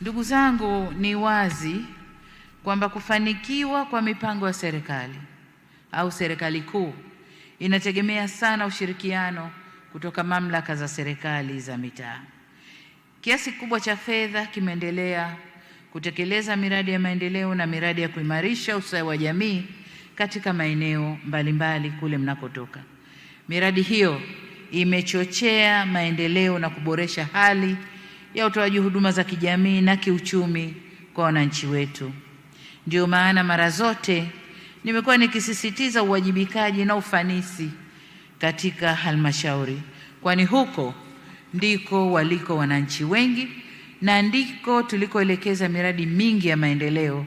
Ndugu zangu, ni wazi kwamba kufanikiwa kwa mipango ya serikali au serikali kuu inategemea sana ushirikiano kutoka mamlaka za serikali za mitaa. Kiasi kikubwa cha fedha kimeendelea kutekeleza miradi ya maendeleo na miradi ya kuimarisha ustawi wa jamii katika maeneo mbalimbali kule mnakotoka. Miradi hiyo imechochea maendeleo na kuboresha hali ya utoaji huduma za kijamii na kiuchumi kwa wananchi wetu. ndio maana mara zote nimekuwa nikisisitiza uwajibikaji na ufanisi katika halmashauri, kwani huko ndiko waliko wananchi wengi na ndiko tulikoelekeza miradi mingi ya maendeleo,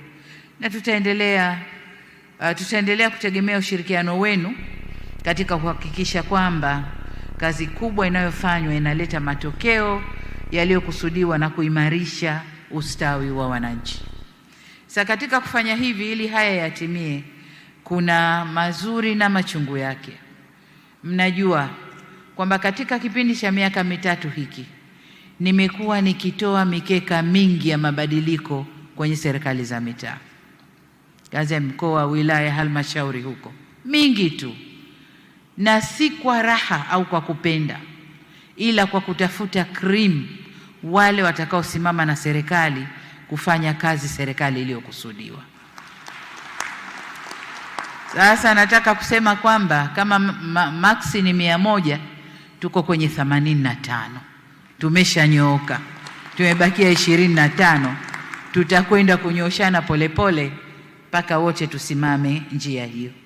na tutaendelea uh, tutaendelea kutegemea ushirikiano wenu katika kuhakikisha kwamba kazi kubwa inayofanywa inaleta matokeo yaliyokusudiwa na kuimarisha ustawi wa wananchi. Sasa katika kufanya hivi, ili haya yatimie, kuna mazuri na machungu yake. Mnajua kwamba katika kipindi cha miaka mitatu hiki nimekuwa nikitoa mikeka mingi ya mabadiliko kwenye serikali za mitaa, kazi ya mkoa, wilaya, halmashauri huko, mingi tu, na si kwa raha au kwa kupenda, ila kwa kutafuta krimu wale watakaosimama na serikali kufanya kazi serikali iliyokusudiwa. Sasa nataka kusema kwamba kama maxi ni mia moja, tuko kwenye themanini na tano, tumeshanyooka, tumebakia ishirini na tano. Tutakwenda kunyooshana polepole mpaka wote tusimame njia hiyo.